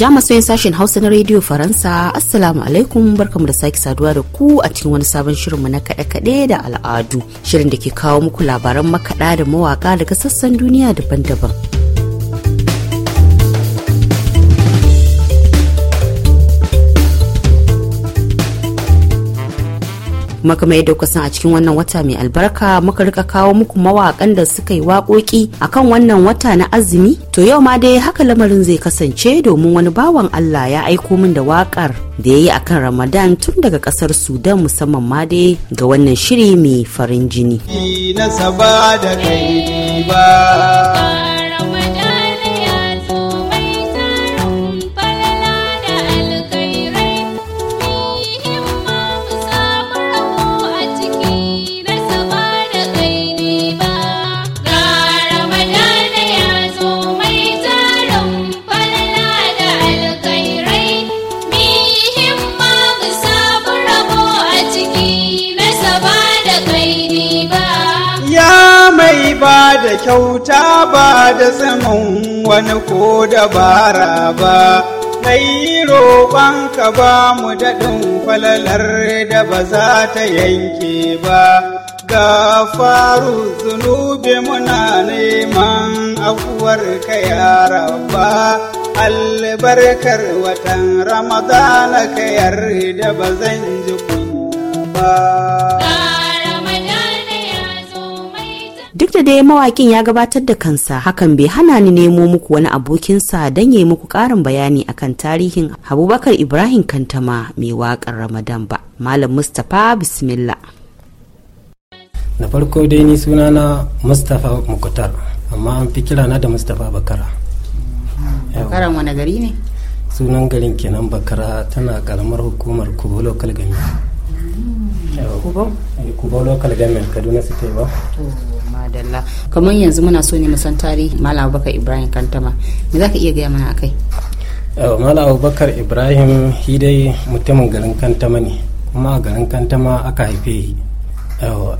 jami'ai sashen hausa na rediyo faransa assalamu alaikum barkamu da sake saduwa da ku a cikin wani sabon shirinmu na kaɗe-kaɗe da al'adu shirin da ke kawo muku labaran makaɗa da mawaƙa daga sassan duniya daban-daban kuma mai da kuka a cikin wannan wata mai albarka muka rika kawo muku mawakan da suka yi waƙoƙi akan wannan wata na azumi to yau ma dai haka lamarin zai kasance domin wani bawan Allah ya aiko min da waƙar da ya yi akan Ramadan tun daga ƙasar Sudan musamman ma dai ga wannan shiri mai farin jini. Ni da kyauta ba da zaman wani ko dabara ba kai roban ba mu daɗin falalar da ba za ta yanke ba Ga Faru zunubi muna neman ka, yara ba albarkar watan ramadana ka yarda ba zan ji kunya ba duk da dai mawakin ya gabatar da kansa hakan bai hana ni nemo muku wani abokinsa don ya yi muku ƙarin bayani akan tarihin abubakar ibrahim kantama mai wakar ramadan ba malam mustapha bismillah na farko dai ni suna na mustapha mukutar amma an fi kira na da mustapha bakara bakaran wani gari ne sunan garin kenan bakara tana karamar hukumar kubo local government mm. eh, kubo local government kaduna state ba dalla kamar yanzu muna so ne mu san tarihi malam abubakar ibrahim kantama me ka iya gaya mana akai malam abubakar ibrahim shi dai mutumin garin kantama ne kuma a garin kantama aka haife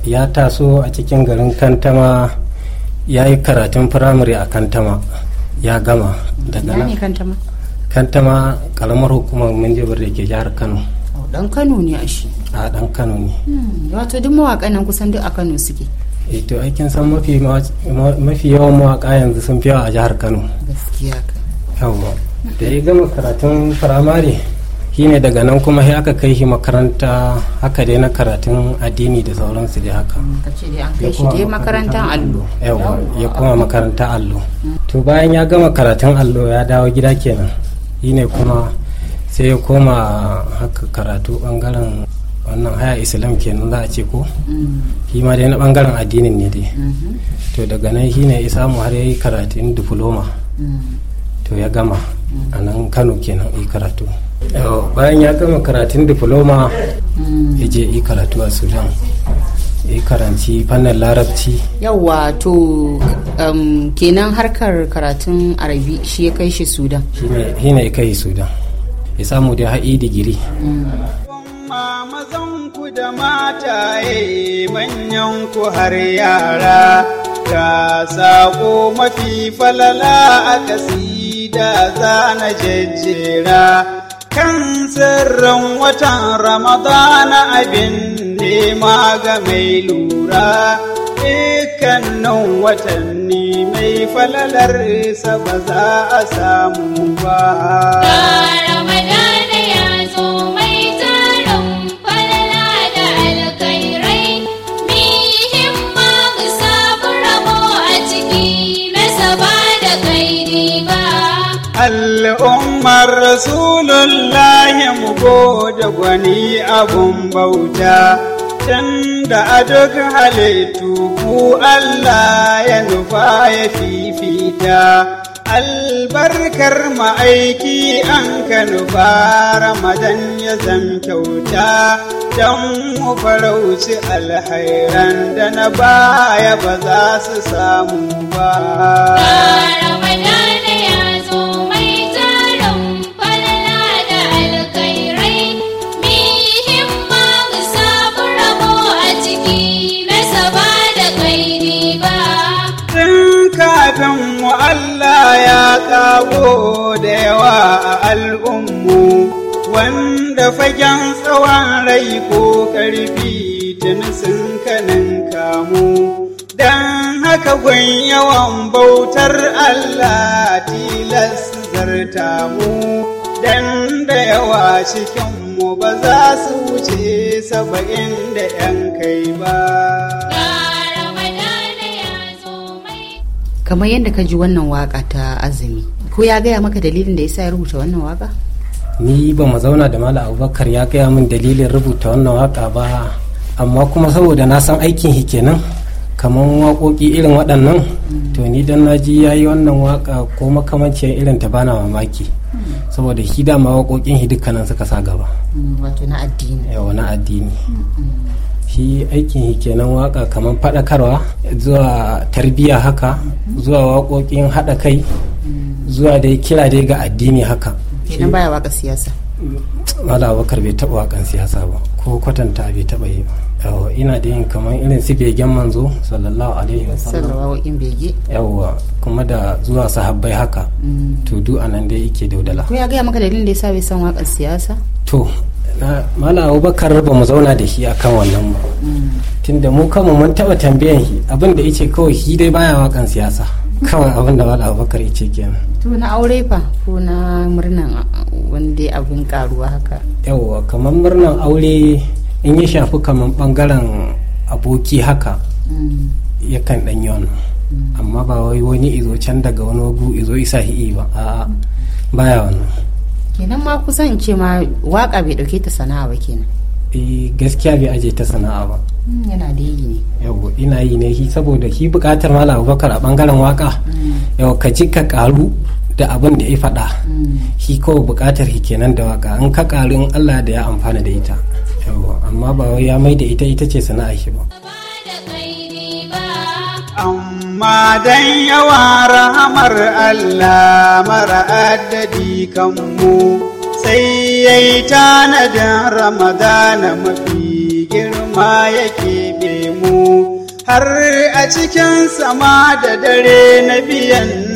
ya taso a cikin garin kantama ya yi karatun firamare a kantama ya gama daga nan kantama kantama kalmar hukumar minjibir da ke jihar kano dan oh, kano ne a shi a dan kano ne hmm, wato duk mawaƙa nan kusan duk a kano suke e to aikin san mafi mafi yawan mawaka yanzu sun fi yawa a jihar kano gaskiya da ya gama karatun firamare shine daga nan kuma sai aka kai shi makaranta haka dai na karatun addini da sauransu dai haka mm, ya kuma makarantar allo yawa ya kuma makarantar allo mm. to bayan ya gama karatun allo ya dawo gida kenan shine kuma sai ya koma haka karatu bangaren wannan haya islam kenan za a ce ko mm. shi ma dai na bangaren addinin ne dai mm-hmm. to daga nan shi ne isa mu har yi karatun diploma mm. to ya gama mm. a nan kano kenan yi karatu bayan ya gama karatun diploma ya je yi karatu a sudan yi karanci fannin larabci yawa to um, kenan harkar karatun arabi shi ya kai shi sudan shi ne ya kai sudan ya samu da haɗi digiri jama'a mazanku da mataye ku har yara ga saƙo mafi falala a kasida za na jejjera kan sirrin watan ramadana abin nema ga mai lura dukkanin watanni mai falalar sa ba za a samu ba rasulullahi mu gode gwani abun bauta tanda a duk halittu ku Allah ya nufa ya fifita albarkar ma'aiki an ka nufa ramadan ya zan kyauta don mu farauci alhairan da na baya ba za su samu ba kawai yawan bautar Allah tilas zarta mu dan da yawa mu ba za su wuce saba'in da ‘yan kai ba. Kamar yadda ka ji wannan waka ta azumi, ko ya gaya maka dalilin da ya sa ya rubuta wannan waka? Ni ba mu zauna da Malam Abubakar ya gaya min dalilin rubuta wannan waka ba, amma kuma saboda na san aikin shi kenan. kamar waƙoƙi irin waɗannan to ni dan naji ya yi wannan waka ko makamanciyar irin ta bana mamaki saboda shi dama waƙoƙin shi dukkanin suka sa gaba mm, wato na addini yawa na addini shi aikin shi kenan waƙa kamar faɗakarwa zuwa tarbiyya haka zuwa waƙoƙin haɗa kai mm. zuwa dai kira dai ga addini haka kenan baya waƙa siyasa Mala Abubakar bai taɓa wakan siyasa ba ko kwatanta bai taɓa yi ba yawa ina da yin kamar irin su begen manzo sallallahu alaihi wasallam bege kuma da zuwa sahabbai haka mm. to du anan dai yake daudala ko ya gaya maka dalilin da yasa bai san waƙar siyasa to mala abubakar ba mu zauna da shi akan wannan ba mm. tunda mu kama mun taba tambayan shi abin da yace kawai shi dai baya wakan siyasa kawai abin da mala abubakar yace kenan to na aure fa ko na murnan wanda abin karuwa haka yawwa kamar murnan aure in ya shafi kamar bangaren aboki haka mm. yakan ɗan yi wani mm. amma ba wai wani izo can daga wani wagu izo isa hi'i ba a'a baya wani kenan ma kusan ce ma waka bai dauke ta sana'a ba kenan eh, gaskiya bai aje ta sana'a ba mm, yana da yi ne yau ina yi ne saboda shi bukatar malam abubakar a bangaren waka yau ka ji ka karu da abin da ya faɗa shi kawai buƙatar shi kenan da waka an ka ƙarin allah da ya amfana da ita amma ba wai ya mai da ita ita ce sana'a shi ba amma dan yawa rahamar allah mara addadi kanmu sai ya yi tanadin ramadana mafi girma yake mu har a cikin sama da dare na biyan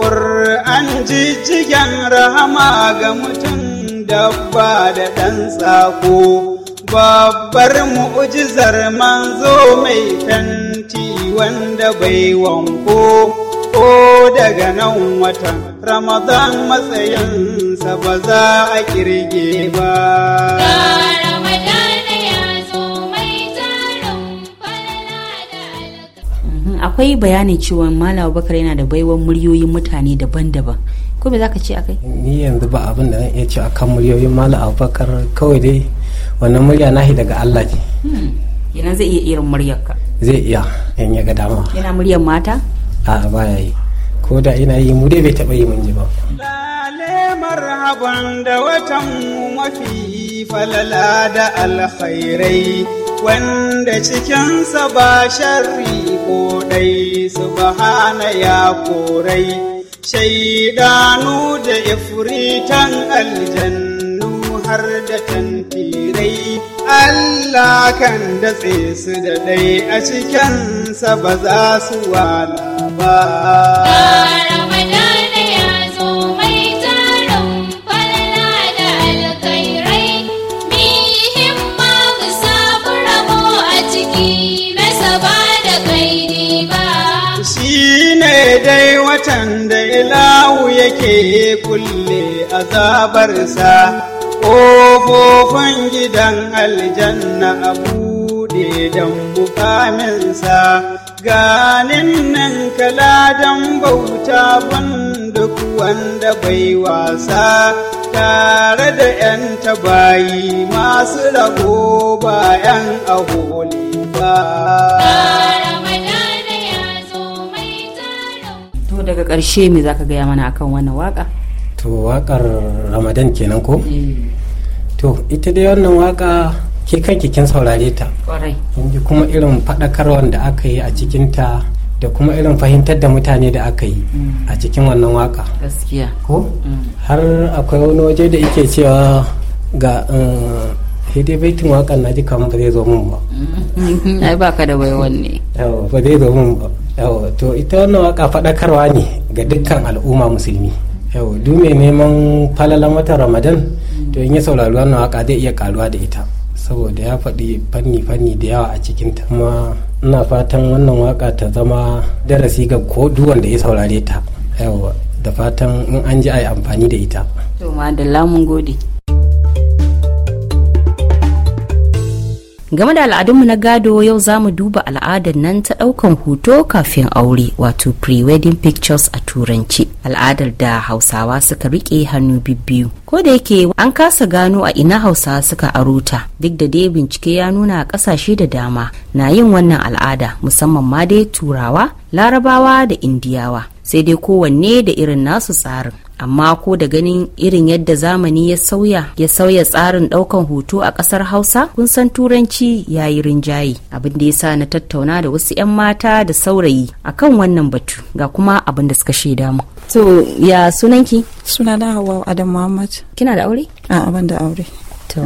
ƙur'an jijjigen rahama ga mutum dabba da ɗan tsako babbar mu'ujizar manzo mai fenti wanda bai wanko ko daga nan watan ramadan matsayinsa ba za a kirge ba akwai bayanin cewa malam abubakar yana da baiwan muryoyin mutane daban-daban ko me zaka ce akai ni yanzu ba abin da zan iya ce akan muryoyin malam abubakar kawai dai wannan murya nahi daga Allah ce yana hmm. zai iya irin muryar ka zai iya in ya ga dama yana muryar mata a baya yi ko da ina yi mu dai bai taba yi mun ji ba marhaban da watan mafi falala da alkhairai wanda cikinsa ba sharri ko ɗai subhana ya korai shaidanu da ifritan aljannu har da tantirai Allah kan datse su da ɗai a cikinsa ba za su wala ba. dai watan da ilahu yake kulle azabarsa ƙofofin gidan aljanna a buɗe don mukaminsa ganin nan kala kaladan bauta duk wanda bai wasa tare da 'yan tabayi masu rago bayan aholi ba. to daga ƙarshe me zaka gaya mana akan wannan waka to wakar ramadan kenan ko eh. to ita dai wannan waka ke kanki kin saurare ta kuma irin faɗakarwar da aka yi a cikin ta da kuma irin fahimtar da mutane da aka yi mm. a cikin wannan waka gaskiya ko mm. har akwai wani waje da yake cewa ga hidai eh, baitin wakan na ji kamar ba zai zo mun ba ai baka da waiwan ne ba zai zo mun ba to ita wannan waka faɗakarwa ne ga dukkan al'umma musulmi yau duk mai neman falalan watan ramadan to in ya saurari wannan waka zai iya karuwa da ita saboda ya faɗi fanni-fanni da yawa a cikin ta kuma ina fatan wannan waka ta zama darasi ga ko wanda ya saurare ta yau da fatan in an ji a yi amfani da ita to madalla mun gode game da al'adunmu na gado yau za mu duba al'adar nan ta daukan hoto kafin aure wato pre-wedding pictures a turanci al'adar da hausawa suka rike hannu bibbiyu ko da yake an kasa gano a ina hausawa suka aruta, duk da dai bincike ya nuna a kasashe da dama na yin wannan al'ada musamman ma dai turawa larabawa da indiyawa sai dai kowanne da irin nasu tsarin amma ko da ganin irin yadda zamani ya sauya ya sauya tsarin daukan hoto a kasar hausa kun san turanci ya yi rinjaye abin da ya sa na tattauna da wasu 'yan mata da saurayi kan wannan batu ga kuma abin da suka shaida mu to ya sunanki sunana hawa adam muhammad kina da aure a abin da aure to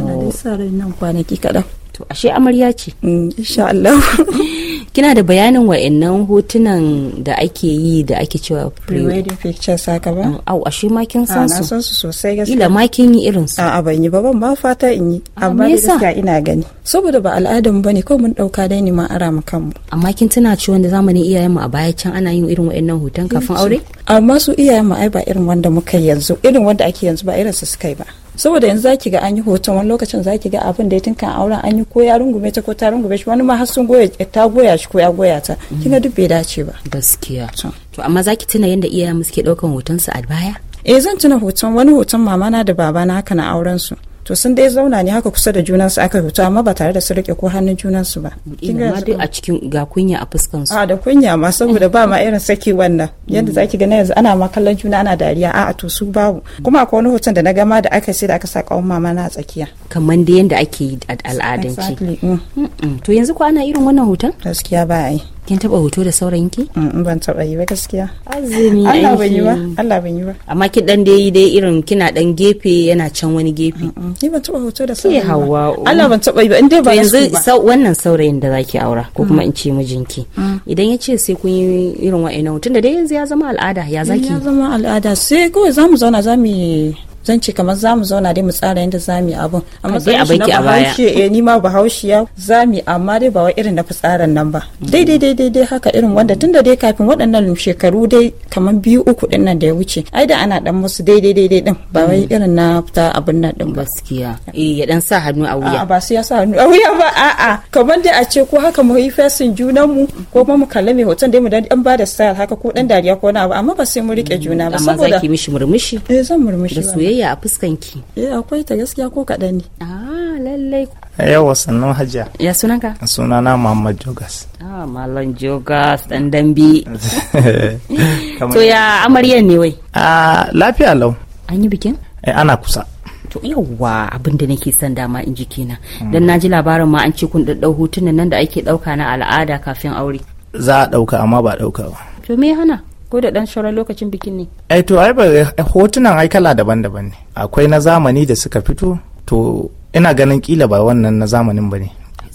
nan kwanaki kaɗan to ashe amarya ce mm, insha Allah kina da bayanin wa'annan hotunan da ake yi da ake cewa pre-wedding pictures haka ba mm, au ashe ma kin san ah, su san su sosai gaskiya ila ma kin yi irin su a'a ban yi ba ban ba fata in yi ah, amma gaskiya ina gani saboda ba al'adun bane ko mun dauka dai ni ma ara mu kanmu amma kin tana cewa da zamanin iyayen mu a baya can ana yin irin wa'annan hoton kafin aure amma su iyayen mu ai ba irin wanda muka yanzu irin wanda ake yanzu ba irin su suka yi ba saboda yanzu zaki ga an yi hoton wani lokacin zaki ga abin da ya tinka auren an yi ko ya rungume ta ko ta rungume shi wani ma har sun goya ta goya shi ko ya goya ta kinga duk bai dace ba gaskiya to amma zaki tuna yanda iyayen mu suke daukan hoton su a baya eh zan tuna hoton wani hoton mama na da baba na haka na auren su to sun dai zauna ne haka kusa da su aka rubuta amma ba tare da su rike ko hannun junansu ba ina dai a cikin ga kunya a fuskan su a da kunya ma saboda ba ma irin saki wannan yadda mm. zaki ga na yanzu ana ma kallon juna ana dariya a'a to su babu kuma akwai wani hoton da na gama da aka sai da aka sa kawun mama na tsakiya kamar da yadda ake yi al'adance mm. to yanzu ko ana irin wannan hoton gaskiya ba a yi kin taba hoto da saurayinki mm, ban taba yi ba gaskiya azumi Allah ban yi ba Allah ban yi ba amma ki dan dai dai irin kina dan gefe yana can wani gefe mm, mm. ni ban taba hoto da saurayi ba hawa Allah ban taba yi ba in dai ba yanzu wannan saurayin da zaki aura ko kuma in ce mijinki idan ya ce sai kun yi irin wa'annan tunda dai yanzu ya zama al'ada ya zaki ya zama al'ada sai kawai zamu zauna zamu zan ce kamar za mu zauna dai mu tsara yadda za mu yi abin amma sai a baki a baya eh ni ma bahaushiya za mu amma dai ba wai irin na fitsarin nan ba daidai mm. daidai dai haka irin wanda tunda dai kafin waɗannan shekaru dai kamar biyu uku din nan da ya wuce ai da ana dan musu daidai daidai din ba wai mm. irin na fita abin nan din gaskiya eh ya dan sa hannu a wuya ba su ya sa hannu a wuya ba a'a kamar dai a ce ko haka mu yi fesin junan mu ko kuma mu kallame hoton dai mu dan ba da style haka ko dan dariya ko na ba amma ba sai mu rike mm. juna ba saboda amma za ki mishi murmushi eh zan murmushi ba. soyayya a fuskan ki eh akwai ta gaskiya ko kaɗan ne ah lallai yawa sannan hajiya ya sunanka sunana muhammad jogas ah malam jogas dan dambe to ya amaryan ne wai ah lafiya lau an yi bikin eh ana kusa to yawa abin da nake son dama in ji kenan hmm. dan na ji labarin ma an ce kun daddau hotunan nan da ake dauka na al'ada kafin aure za a dauka amma ba dauka ba to me hana ko da dan shauran lokacin bikin ne ai eh, to ai eh, hotunan ai kala daban-daban ne akwai na zamani da suka fito to ina ganin kila ba wannan na zamanin ba ne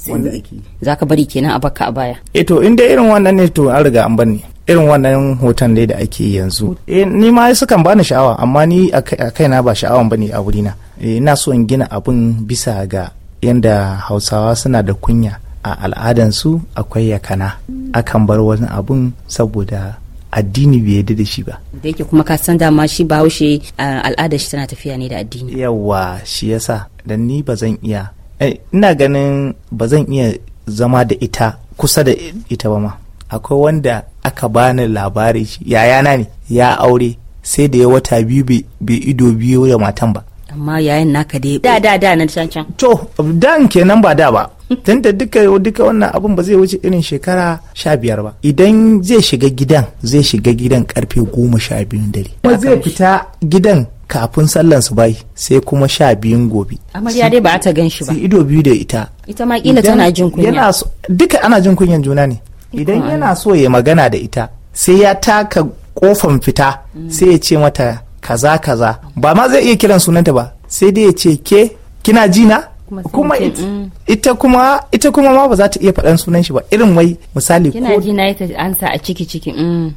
wanda ake za ka bari kenan a baka a baya eh to inda irin wannan ne to an riga an banne irin wannan hoton dai da ake yanzu eh ni ma sukan bani sha'awa amma ni a kaina ba sha'awan bane a wurina eh, ina so in gina abun bisa ga yanda hausawa suna da kunya a al'adansu akwai yakana akan bar wani abun saboda addini bai yadda da shi ba da yake kuma ka san dama shi bahaushe al'adar shi tana tafiya ne da addini Yawwa shi yasa dan ni ba zan iya eh, ina ganin ba zan iya zama da ita kusa da ita ba ma akwai wanda aka bani labari yayana ne ya aure sai da ya wata biyu bai ido biyu da matan ba amma yayin naka dai da da da na can can to dan kenan ba da ba tunda duka duka wannan abun ba zai wuce irin shekara sha biyar ba idan zai shiga gidan zai shiga gidan karfe goma sha biyun dare kuma zai fita gidan kafin sallan su bai sai kuma sha biyun gobe amarya dai ba ta gan shi ba ido biyu da ita ita ma kila tana jin kunya yana duka ana jin kunyan juna ne idan yana so ya magana da ita sai ya taka kofan fita mm. sai ya ce mata kaza kaza ba ma zai iya kiran sunanta ba sai dai ya ce ke kina jina kuma kuma mm. ita kuma ita kuma ma ba za ta iya faɗan sunan shi ba irin wai misali kina ji na ita ansa a ciki ciki mm.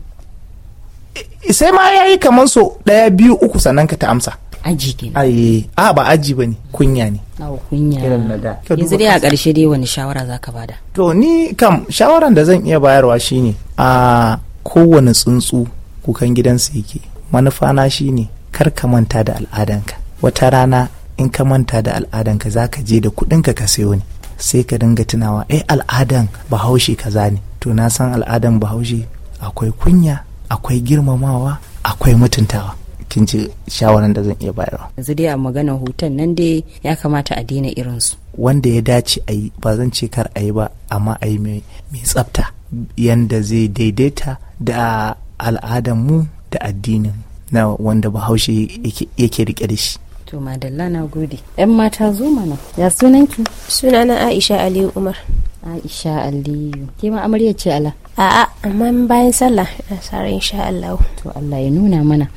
sai ma yayi kamar so ɗaya biyu uku sannan ka ta amsa aji kenan ai a ba aji ba ne kunya ne awo kunya irin da yanzu dai a ƙarshe dai wani shawara za ka bada to ni kam shawaran da zan iya bayarwa shine a kowane tsuntsu kukan gidansa yake manufa na shine kar ka manta da al'adanka wata rana in ka manta da al'adanka za ka je da kuɗinka ka ka sayo ne sai ka dinga tunawa eh al'adan bahaushe kaza ne to na san al'adan bahaushe akwai kunya akwai girmamawa akwai mutuntawa kin ci shawaran da zan iya bayarwa yanzu dai a magana hoton nan dai ya kamata a daina su. wanda ya dace a yi ba zan ce kar a yi ba amma a yi mai tsafta yanda zai daidaita da al'adan mu da addinin na wanda bahaushe yake rike da shi To madalla na gode. ‘Yan mata zo mana. Ya sunanki? Sunana Aisha Aliyu Umar. Aisha Aliyu. Ke ma amarya ce ala? A'a, amma bayan sallah na sara insha Allah. To Allah ya nuna mana.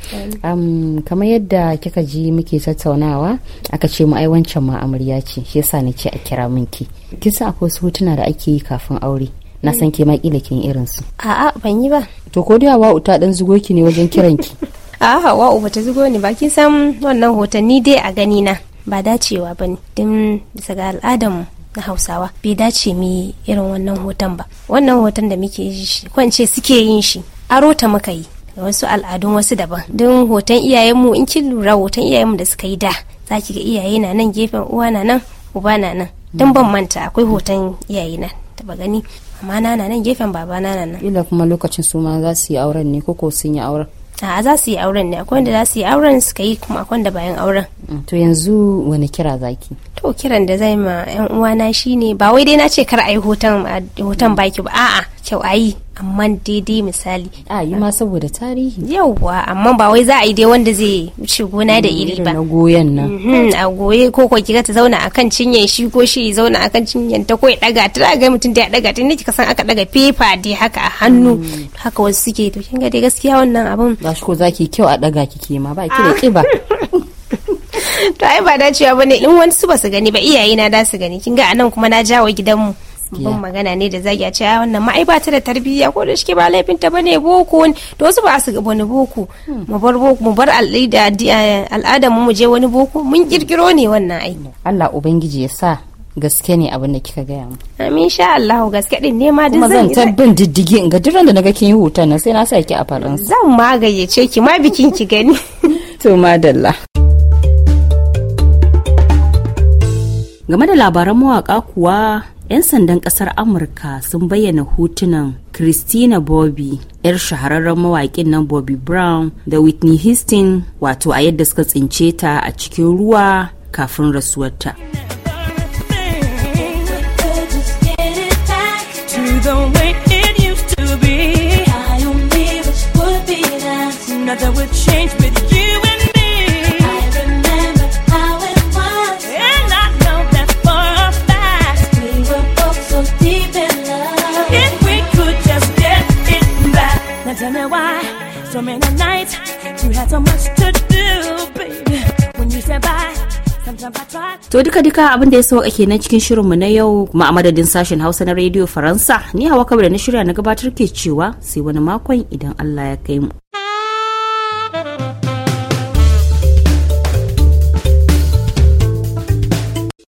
Um, kamar yadda kika ji muke tattaunawa, aka ce mu ai wancan ma amarya ce, shi yasa na ce a kira minki. Kin san akwai wasu hotuna da ake yi kafin aure. Na san ke ma kila kin irin su. A'a, ban yi ba. To ko da wa uta dan zugo ki ne wajen kiranki. a hawa ba ta zugo ni ba kin san wannan hotanni dai a gani na ba dacewa ba ne don bisa ga al'adarmu na hausawa bai dace mu irin wannan hoton ba wannan hoton da muke yi kwance suke yin shi aro ta muka yi da wasu al'adun wasu daban don hoton iyayenmu in kin lura hoton mu da suka yi da za ki ga iyaye na nan gefen uwa na nan uba na nan don ban manta akwai hoton iyaye na taba gani amma na nan gefen baba na nan ila kuma lokacin suma ma za su yi auren ne ko sun yi auren a za su yi auren ne akwai wanda za su yi auren suka yi kuma akwai wanda bayan auren mm, to yanzu wani kira zaki to kiran da zai ma yan uwana shine ba wai dai na ce kar a yi hoton hoton baki ba a'a kyau a yi amma daidai misali a yi ma saboda tarihi yauwa amma ba wai za a yi dai wanda zai wuce gona da iri ba na goyon nan mhm, a goye ko ko kika ta zauna akan cinyen shi ko shi zauna akan cinyen ta ko ya daga ta ga mutum da ya daga ta ne kika san aka daga pepa dai haka a hannu mm. haka wasu suke to kin ga dai gaskiya wannan abun ba shi ko zaki kyau a daga kike ma ba ki da kiba to ai ba dacewa bane in wani su ba su gani ba iyaye na da su gani kin ga anan kuma na jawo gidanmu ban magana ne da zagi a ce wannan ma ai ba ta da tarbiyya ko da shike ba laifin ta bane boko to wasu ba su wani boko hmm. mu bar boko mu bar eh, al'ada mu je wani boko mun kirkiro ne wannan aiki Allah ubangiji ya sa gaske ne abin da kika gaya mu. Amin sha Allah gaske din ne ma duk zan yi. zan bin diddigi in ga duran da naga kin yi hoton nan sai na sa ki a faransa. Zan ma gayyace ki ma bikin ki gani. to madalla. Game da labaran mawaka kuwa 'yan sandan kasar amurka sun bayyana hotunan christina bobby 'yar shahararren mawaƙin nan bobby brown da whitney houston wato a yadda suka tsince ta a cikin ruwa kafin rasuwarta ta. would change with you To duka duka abin da ya sauka kenan cikin shirinmu na yau kuma a madadin sashen Hausa na rediyo Faransa ni hawa da na shirya na gabatar ke cewa sai wani makon idan Allah ya kai mu.